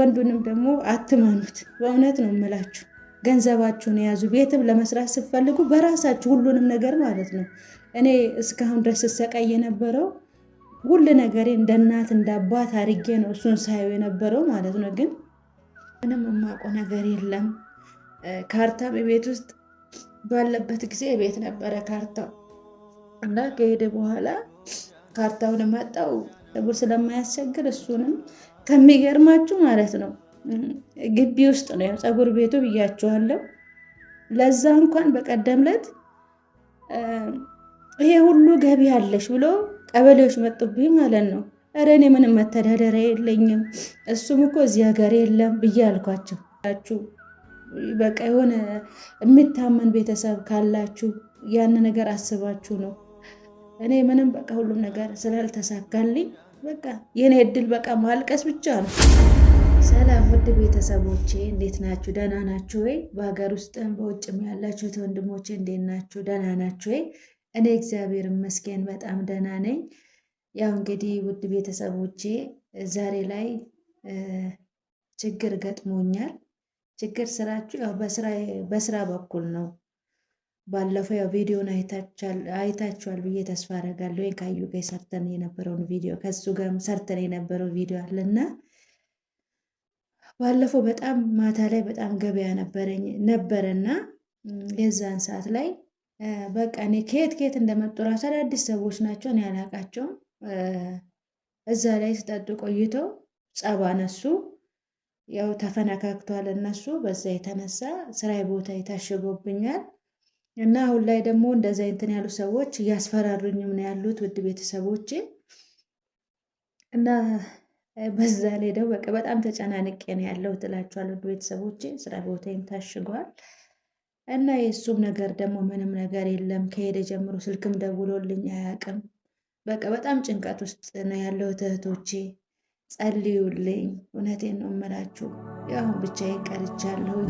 ወንዱንም ደግሞ አትመኑት። በእውነት ነው የምላችሁ። ገንዘባችሁን የያዙ ቤትም ለመስራት ስትፈልጉ በራሳችሁ ሁሉንም ነገር ማለት ነው። እኔ እስካሁን ድረስ ስሰቃይ የነበረው ሁሉ ነገሬ እንደ እናት እንደ አባት አድርጌ ነው እሱን ሳየው የነበረው ማለት ነው። ግን ምንም የማውቀው ነገር የለም። ካርታም ቤት ውስጥ ባለበት ጊዜ ቤት ነበረ ካርታው እና ከሄደ በኋላ ካርታውን መጣው ጸጉር ስለማያስቸግር እሱንም ከሚገርማችሁ ማለት ነው ግቢ ውስጥ ነው ጸጉር ቤቱ ብያችኋለሁ። ለዛ እንኳን በቀደም ዕለት ይሄ ሁሉ ገቢ አለሽ ብሎ ቀበሌዎች መጡብኝ ማለት ነው። እረ እኔ ምንም መተዳደሪያ የለኝም እሱም እኮ እዚህ ሀገር የለም ብዬ አልኳቸው። በቃ የሆነ የሚታመን ቤተሰብ ካላችሁ ያን ነገር አስባችሁ ነው እኔ ምንም በቃ ሁሉም ነገር ስላልተሳካልኝ በቃ የኔ እድል በቃ ማልቀስ ብቻ ነው። ሰላም ውድ ቤተሰቦቼ እንዴት ናችሁ? ደህና ናችሁ ወይ? በሀገር ውስጥም በውጭም ያላችሁት ወንድሞቼ እንዴት ናችሁ? ደህና ናችሁ ወይ? እኔ እግዚአብሔር ይመስገን በጣም ደህና ነኝ። ያው እንግዲህ ውድ ቤተሰቦቼ ዛሬ ላይ ችግር ገጥሞኛል። ችግር ስራችሁ በስራ በኩል ነው ባለፈው ያው ቪዲዮን አይታችኋል ብዬ ተስፋ አደርጋለሁ። ወይ ካዩ ጋር ሰርተን የነበረውን ቪዲዮ ከሱ ጋርም ሰርተን የነበረው ቪዲዮ አለና ባለፈው በጣም ማታ ላይ በጣም ገበያ ነበረኝ ነበረና የዛን ሰዓት ላይ በቃ እኔ ከየት ከየት እንደመጡ ራሱ አዳዲስ ሰዎች ናቸው እኔ አላቃቸውም። እዛ ላይ ስጠጡ ቆይተው ጸባ ነሱ ያው ተፈነካክቷል እነሱ። በዛ የተነሳ ስራዬ ቦታ ይታሽጎብኛል። እና አሁን ላይ ደግሞ እንደዚ እንትን ያሉ ሰዎች እያስፈራሩኝም ነው ያሉት ውድ ቤተሰቦች እና በዛ ላይ ደግሞ በቃ በጣም ተጨናንቄ ነው ያለው ትላችኋል ውድ ቤተሰቦች ስራ ቦታይም ታሽጓል እና የእሱም ነገር ደግሞ ምንም ነገር የለም። ከሄደ ጀምሮ ስልክም ደውሎልኝ አያውቅም። በቃ በጣም ጭንቀት ውስጥ ነው ያለው እህቶቼ፣ ጸልዩልኝ። እውነቴን ነው እምላችሁ። ያሁን ብቻዬን ቀርቻለሁ።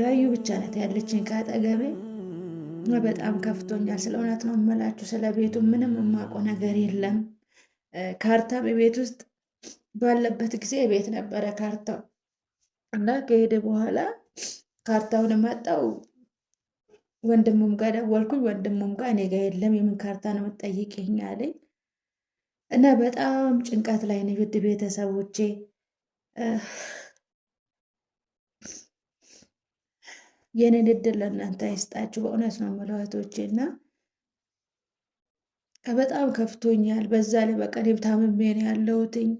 ገበዩ ብቻ ናት ያለችኝ ከአጠገቤ። በጣም ከፍቶኛል። ስለ እውነት ነው የምላችሁ። ስለ ቤቱ ምንም የማውቀው ነገር የለም። ካርታም ቤት ውስጥ ባለበት ጊዜ ቤት ነበረ ካርታው እና ከሄደ በኋላ ካርታውን መጣው ወንድሙም ጋር ደወልኩኝ። ወንድሙም ጋር እኔ ጋር የለም የምን ካርታ ነው የምጠይቅኝ አለኝ እና በጣም ጭንቀት ላይ ነው ውድ ቤተሰቦቼ። ይህንን እድል ለእናንተ አይስጣችሁ። በእውነት ነው የምለው እህቶቼ እና በጣም ከፍቶኛል። በዛ ላይ በቃ እኔም ታምሜ ነው ያለሁትኝ።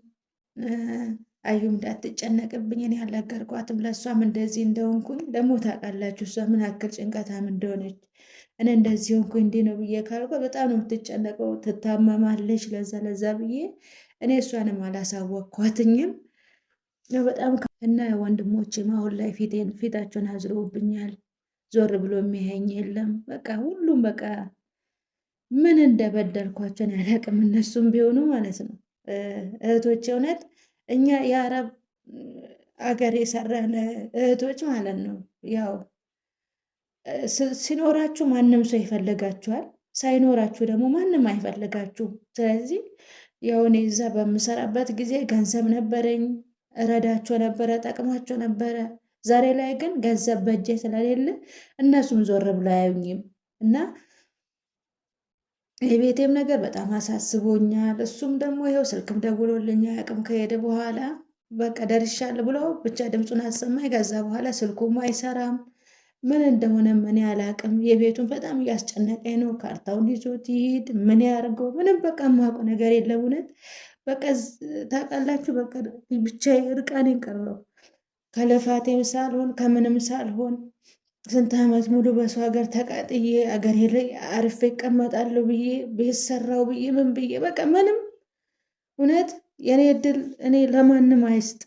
አዩ እንዳትጨነቅብኝ እኔ አልነገርኳትም ለእሷም እንደዚህ እንደሆንኩኝ ደግሞ ታውቃላችሁ እሷ ምን ያክል ጭንቀታም እንደሆነች እኔ እንደዚህ ሆንኩ እንዲህ ነው ብዬ ካልኳ በጣም ነው የምትጨነቀው፣ ትታመማለች። ለዛ ለዛ ብዬ እኔ እሷንም አላሳወቅኳትኝም። በጣም እና ወንድሞችም አሁን ላይ ፊቴን ፊታቸውን አዝረውብኛል። ዞር ብሎ የሚያየኝ የለም። በቃ ሁሉም በቃ ምን እንደበደልኳቸውን ያላቅም። እነሱም ቢሆኑ ማለት ነው እህቶች፣ እውነት እኛ የአረብ አገር የሰራን እህቶች ማለት ነው። ያው ሲኖራችሁ ማንም ሰው ይፈልጋችኋል፣ ሳይኖራችሁ ደግሞ ማንም አይፈልጋችሁም። ስለዚህ ያው እኔ እዛ በምሰራበት ጊዜ ገንዘብ ነበረኝ እረዳቸው ነበረ፣ ጠቅማቸው ነበረ። ዛሬ ላይ ግን ገንዘብ በእጄ ስለሌለ እነሱም ዞር ብለው አያዩኝም እና የቤቴም ነገር በጣም አሳስቦኛል። እሱም ደግሞ ይኸው ስልክም ደውሎልኛ አቅም ከሄደ በኋላ በቃ ደርሻል ብሎ ብቻ ድምፁን አሰማኝ። ከዛ በኋላ ስልኩም አይሰራም ምን እንደሆነ ምን አላቅም። የቤቱን በጣም እያስጨነቀኝ ነው። ካርታውን ይዞት ይሂድ ምን ያርገው ምንም በቃ የማውቀው ነገር የለም እውነት በቃ ታውቃላችሁ፣ በቃ ብቻ እርቃኔ ቀረው ከልፋቴም ሳልሆን ከምንም ሳልሆን ስንት ዓመት ሙሉ በሰው ሀገር ተቃጥዬ አገሬ ላይ አርፌ ይቀመጣለሁ ብዬ ቤት ሰራው ብዬ ምን ብዬ በቃ ምንም እውነት የኔ እድል እኔ ለማንም አይስጥ።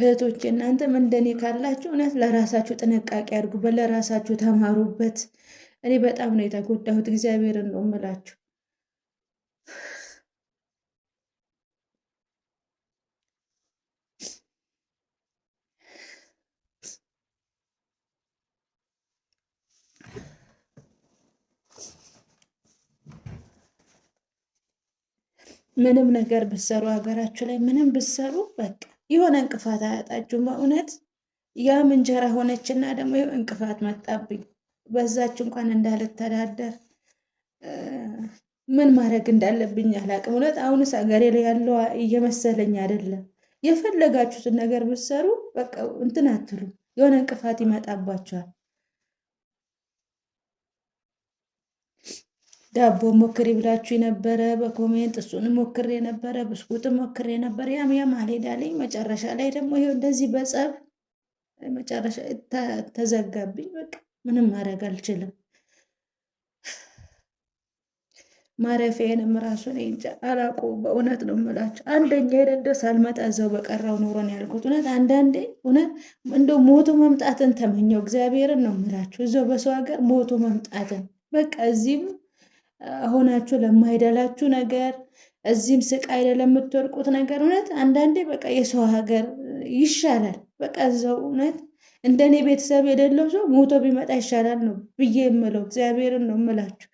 እህቶች እናንተም እንደኔ ካላችሁ እውነት ለራሳችሁ ጥንቃቄ አድርጉበት፣ ለራሳችሁ ተማሩበት። እኔ በጣም ነው የተጎዳሁት፣ እግዚአብሔር እንደምላችሁ ምንም ነገር ብሰሩ ሀገራችሁ ላይ ምንም ብሰሩ በቃ የሆነ እንቅፋት አያጣችሁም። በእውነት ያም እንጀራ ሆነችና ደግሞ እንቅፋት መጣብኝ፣ በዛች እንኳን እንዳልተዳደር ምን ማድረግ እንዳለብኝ አላቅም። እውነት አሁንስ ሀገሬ ላይ ያለው እየመሰለኝ አይደለም። የፈለጋችሁትን ነገር ብሰሩ በቃ እንትን አትሉ፣ የሆነ እንቅፋት ይመጣባችኋል። ዳቦ ሞክሬ ብላችሁ የነበረ በኮሜንት እሱን ሞክሬ የነበረ ብስኩት ሞክሬ የነበረ ያም ያም አልሄዳለኝ። መጨረሻ ላይ ደግሞ ይሄው እንደዚህ በጸብ መጨረሻ ተዘጋብኝ። በቃ ምንም ማድረግ አልችልም። ማረፊያዬንም ራሱ እኔ እንጃ አላውቀውም። በእውነት ነው የምላቸው። አንደኛ ሄደ እንደ ሳልመጣ እዛው በቀረው ኑሮ ነው ያልኩት። እውነት አንዳንዴ እውነት እንደ ሞቶ መምጣትን ተመኘው። እግዚአብሔርን ነው የምላቸው። እዛው በሰው ሀገር ሞቶ መምጣትን በቃ እዚህም ሆናችሁ ለማይደላችሁ ነገር እዚህም ስቃይ ለምትወርቁት ነገር እውነት አንዳንዴ በቃ የሰው ሀገር ይሻላል። በቃ እዛው እውነት እንደኔ ቤተሰብ የሌለው ሰው ሞቶ ቢመጣ ይሻላል ነው ብዬ የምለው። እግዚአብሔርን ነው የምላችሁ።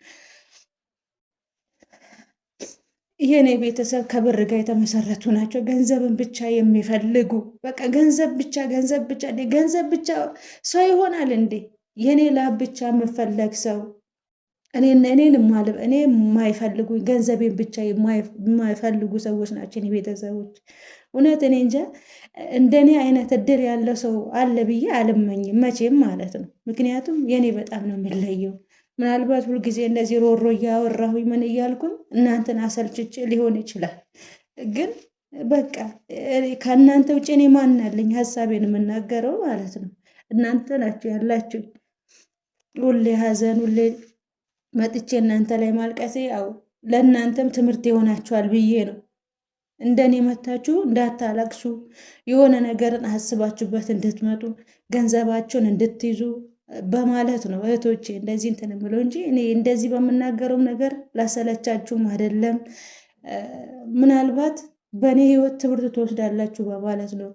ይህኔ ቤተሰብ ከብር ጋር የተመሰረቱ ናቸው። ገንዘብን ብቻ የሚፈልጉ በቃ ገንዘብ ብቻ ገንዘብ ብቻ ገንዘብ ብቻ ሰው ይሆናል እንዴ? የኔ ላብ ብቻ የምፈለግ ሰው እኔን እኔ የማይፈልጉኝ ገንዘቤን ብቻ የማይፈልጉ ሰዎች ናቸው እኔ ቤተሰቦች። እውነት እኔ እንጃ እንደኔ አይነት እድል ያለው ሰው አለ ብዬ አልመኝም መቼም ማለት ነው። ምክንያቱም የእኔ በጣም ነው የሚለየው ምናልባት ሁልጊዜ እንደዚህ ሮሮ እያወራሁኝ ምን እያልኩም እናንተን አሰልችቼ ሊሆን ይችላል ግን በቃ ከእናንተ ውጭ እኔ ማን አለኝ? ሀሳቤን የምናገረው ማለት ነው። እናንተ ናችሁ ያላችሁ ሁሌ ሀዘን ሁሌ መጥቼ እናንተ ላይ ማልቀሴ ያው ለእናንተም ትምህርት ይሆናችኋል ብዬ ነው። እንደኔ መታችሁ እንዳታለቅሱ፣ የሆነ ነገርን አስባችሁበት እንድትመጡ፣ ገንዘባችሁን እንድትይዙ በማለት ነው እህቶቼ እንደዚህ እንትን የምለው እንጂ እኔ እንደዚህ በምናገረውም ነገር ላሰለቻችሁም አይደለም። ምናልባት በእኔ ህይወት ትምህርት ትወስዳላችሁ በማለት ነው።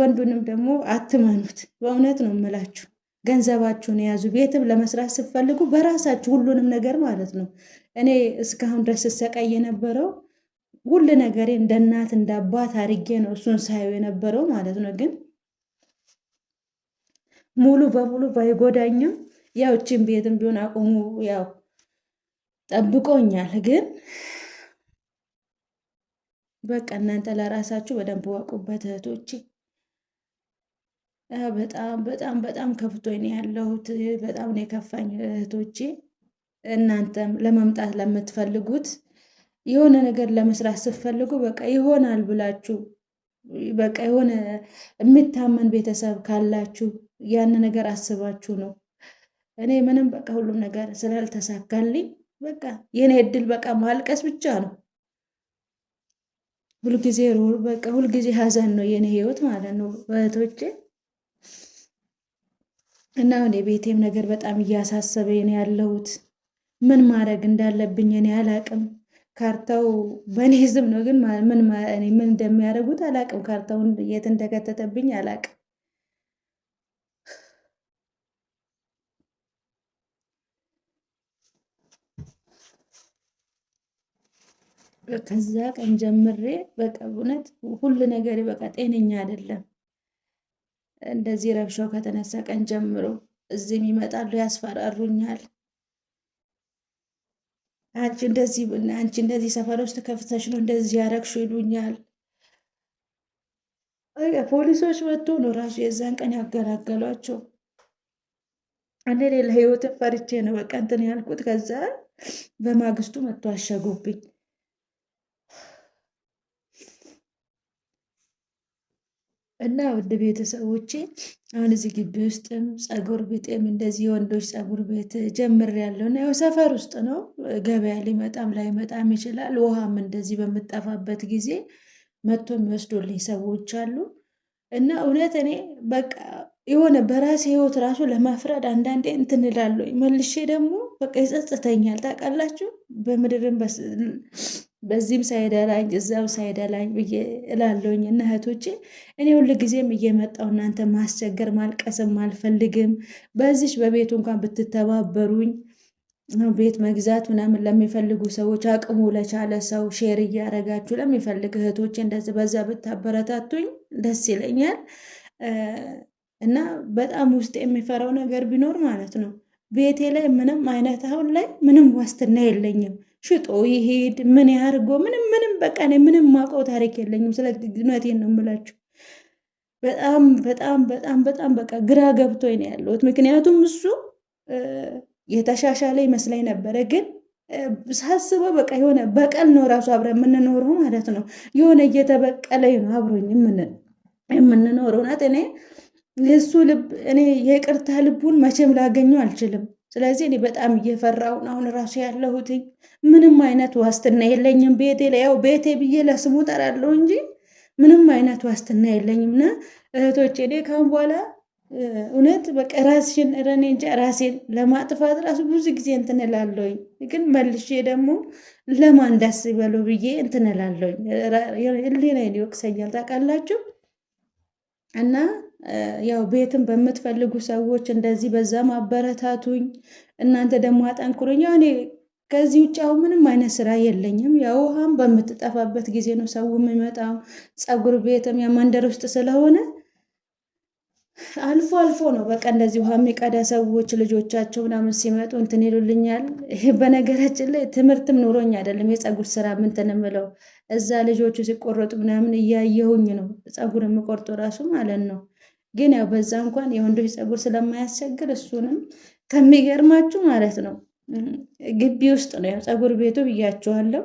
ወንዱንም ደግሞ አትመኑት፣ በእውነት ነው የምላችሁ። ገንዘባችሁን የያዙ ቤትም ለመስራት ስትፈልጉ በራሳችሁ ሁሉንም ነገር ማለት ነው። እኔ እስካሁን ድረስ ስሰቃይ የነበረው ሁሉ ነገሬ እንደ እናት እንደ አባት አድርጌ ነው እሱን ሳየው የነበረው ማለት ነው። ግን ሙሉ በሙሉ ባይጎዳኝም ያው እችን ቤትም ቢሆን አቁሙ ያው ጠብቆኛል። ግን በቃ እናንተ ለራሳችሁ በደንብ ዋቁበት እህቶቼ። በጣም በጣም በጣም ከፍቶኝ ነው ያለሁት። በጣም ነው የከፋኝ እህቶቼ። እናንተም ለመምጣት ለምትፈልጉት የሆነ ነገር ለመስራት ስትፈልጉ በቃ ይሆናል ብላችሁ በቃ የሆነ የሚታመን ቤተሰብ ካላችሁ ያን ነገር አስባችሁ ነው። እኔ ምንም በቃ ሁሉም ነገር ስላልተሳካልኝ በቃ የኔ እድል በቃ ማልቀስ ብቻ ነው። ሁልጊዜ በቃ ሁልጊዜ ሀዘን ነው የኔ ህይወት ማለት ነው እህቶቼ። እና አሁን የቤቴም ነገር በጣም እያሳሰበኝ ነው ያለሁት። ምን ማድረግ እንዳለብኝ እኔ አላቅም። ካርታው በእኔ ዝም ነው፣ ግን ምን ምን እንደሚያደርጉት አላቅም። ካርታውን የት እንደከተተብኝ አላቅም። ከዛ ቀን ጀምሬ በቃ እውነት ሁሉ ነገር በቃ ጤነኛ አይደለም። እንደዚህ ረብሻው ከተነሳ ቀን ጀምሮ እዚህም ይመጣሉ፣ ያስፈራሩኛል። አንቺ እንደዚህ አንቺ እንደዚህ ሰፈር ውስጥ ከፍተሽ ነው እንደዚህ ያረግሹ ይሉኛል። ፖሊሶች መጥቶ ነው ራሱ የዛን ቀን ያገላገሏቸው። እኔ ሌላ ህይወትን ፈርቼ ነው በቃ እንትን ያልኩት። ከዛ በማግስቱ መጥቶ አሸጉብኝ። እና ውድ ቤተሰቦቼ አሁን እዚህ ግቢ ውስጥም ጸጉር ቤጤም እንደዚህ የወንዶች ጸጉር ቤት ያለው እና ያው ሰፈር ውስጥ ነው። ገበያ ሊመጣም ላይመጣም ይችላል። ውሃም እንደዚህ በምጠፋበት ጊዜ መጥቶ የሚወስዱልኝ ሰዎች አሉ እና እውነት እኔ በቃ የሆነ በራሴ ህይወት ራሱ ለማፍረድ አንዳንዴ እንትን እላለሁ። መልሼ ደግሞ በቃ ይጸጽተኛል። ታውቃላችሁ በምድርን በዚህም ሳይደላኝ እዛም ሳይደላኝ ብዬ እላለሁኝ። እና እህቶቼ እኔ ሁል ጊዜም እየመጣው እናንተ ማስቸገር ማልቀስም አልፈልግም። በዚች በቤቱ እንኳን ብትተባበሩኝ ቤት መግዛት ምናምን ለሚፈልጉ ሰዎች አቅሙ ለቻለ ሰው ሼር እያደረጋችሁ ለሚፈልግ እህቶች እንደዚ በዛ ብታበረታቱኝ ደስ ይለኛል። እና በጣም ውስጥ የሚፈራው ነገር ቢኖር ማለት ነው ቤቴ ላይ ምንም አይነት አሁን ላይ ምንም ዋስትና የለኝም። ሽጦ ይሄድ ምን ያርጎ ምንም ምንም በቃ እኔ ምንም ማውቀው ታሪክ የለኝም። ስለ እውነቴን ነው የምላችሁ። በጣም በጣም በጣም በጣም በቃ ግራ ገብቶኝ ነው ያለሁት። ምክንያቱም እሱ የተሻሻለ ይመስለኝ ነበረ፣ ግን ሳስበው በቃ የሆነ በቀል ነው ራሱ አብረን የምንኖረው ማለት ነው። የሆነ እየተበቀለ ነው አብሮኝ የምንኖረው ናት። እኔ የእሱ ልብ እኔ የቅርታ ልቡን መቼም ላገኘው አልችልም። ስለዚህ እኔ በጣም እየፈራውን አሁን ራሱ ያለሁት። ምንም አይነት ዋስትና የለኝም። ቤቴ ላይ ያው ቤቴ ብዬ ለስሙ ጠራለሁ እንጂ ምንም አይነት ዋስትና የለኝም። እና እህቶቼ እኔ ካሁን በኋላ እውነት በቃ ራስሽን ረኔ እንጂ ራሴን ለማጥፋት ራሱ ብዙ ጊዜ እንትንላለኝ፣ ግን መልሼ ደግሞ ለማን ደስ ይበሉ ብዬ እንትንላለኝ። ህሊናዬን ይወቅሰኛል ታውቃላችሁ እና ያው ቤትን በምትፈልጉ ሰዎች እንደዚህ በዛ ማበረታቱኝ፣ እናንተ ደግሞ አጠንክሩኝ። እኔ ከዚህ ውጭ አሁን ምንም አይነት ስራ የለኝም። ያው ውሃም በምትጠፋበት ጊዜ ነው ሰው የሚመጣው። ፀጉር ቤትም ያ ውስጥ ስለሆነ አልፎ አልፎ ነው በቃ እንደዚህ ውሃ የሚቀዳ ሰዎች ልጆቻቸው ምናምን ሲመጡ እንትን ይሉልኛል። ይሄ በነገራችን ላይ ትምህርትም ኑሮኝ አይደለም የፀጉር ስራ ምንትን ምለው እዛ ልጆቹ ሲቆረጡ ምናምን እያየሁኝ ነው ፀጉር የምቆርጡ ራሱ ማለት ነው። ግን ያው በዛ እንኳን የወንዶች ፀጉር ስለማያስቸግር እሱንም ከሚገርማችሁ ማለት ነው ግቢ ውስጥ ነው ያው ፀጉር ቤቱ ብያችኋለሁ።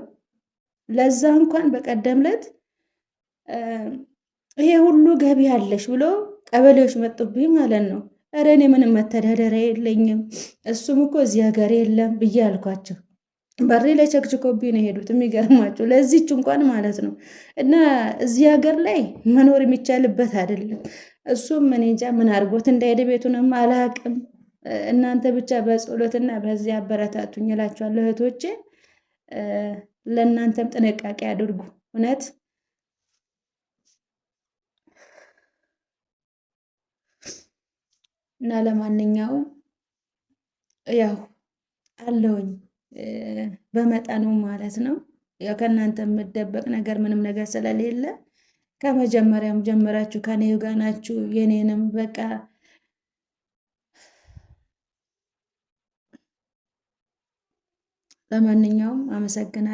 ለዛ እንኳን በቀደምለት ይሄ ሁሉ ገቢ አለሽ ብሎ ቀበሌዎች መጡብኝ ማለት ነው። ኧረ እኔ ምንም መተዳደሪያ የለኝም እሱም እኮ እዚህ ሀገር የለም ብዬ አልኳቸው። በሬ ላይ ቸክችኮብኝ ነው የሄዱት። የሚገርማቸው ለዚች እንኳን ማለት ነው እና እዚህ ሀገር ላይ መኖር የሚቻልበት አይደለም። እሱም እኔ እንጃ ምን አድርጎት እንዳሄደ ቤቱንም አላቅም። እናንተ ብቻ በጸሎትና በዚህ አበረታቱኝ እላችኋለሁ እህቶቼ። ለእናንተም ጥንቃቄ አድርጉ እውነት እና ለማንኛውም ያው አለውኝ በመጠኑ ማለት ነው። ያው ከእናንተ የምደበቅ ነገር ምንም ነገር ስለሌለ ከመጀመሪያም ጀምራችሁ ከኔ ጋር ናችሁ። የኔንም በቃ ለማንኛውም አመሰግናለሁ።